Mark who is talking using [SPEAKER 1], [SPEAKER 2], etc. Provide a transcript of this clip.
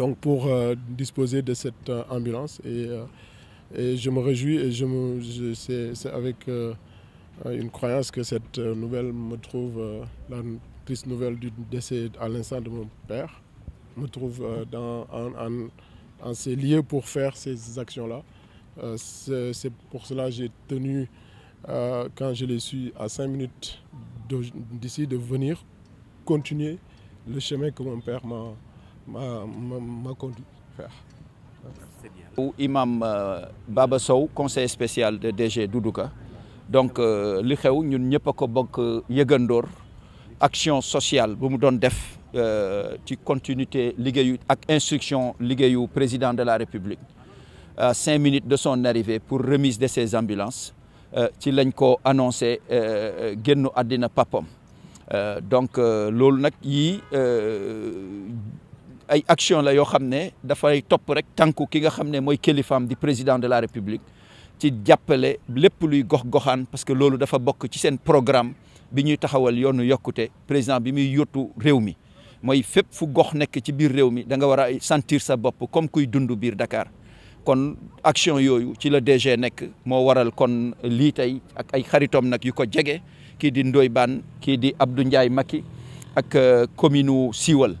[SPEAKER 1] donc pour euh, disposer de cette euh, ambulance. Et, euh, et, je me réjouis et je, je c'est avec euh, une croyance que cette nouvelle me trouve, la triste nouvelle du décès à l'instant de mon père, me trouve dans, en, en, en ces lieux pour faire ces actions-là. c'est pour cela que j'ai tenu euh, quand je l'ai su à 5 minutes d'ici de venir continuer le chemin que mon père m'a ma ma ma
[SPEAKER 2] euh, Baba Sow conseil spécial de DG Doudou Ka donc euh, li xew ñun ñëpp ko bokk yëgandoor action sociale bu mu doon def euh, ci continuité liggéeyu ak instruction liggéeyu président de la République à cinq minutes de son arrivée pour remise de ses ambulances ci lañ ko annoncé génnu àddina papam donc loolu nag yi ay action la yoo xam ne dafay topp rek tànku ki nga xam ne mooy kilifaam di président de la république ci jàppale lépp luy gox-goxaan parce que loolu dafa bokk ci seen programme bi ñuy taxawal yoonu yokkute président bi muy yottu réew mi mooy fépp fu gox nekk ci biir réew mi danga war a sentir sa bopp comme kuy dundu biir dakaar kon action yooyu ci la DG nekk moo waral kon lii tey ak ay xaritom nag yu ko jege kii di ndooy Bane kii di Abdou Ndiaye Macky ak euh, commune Siwal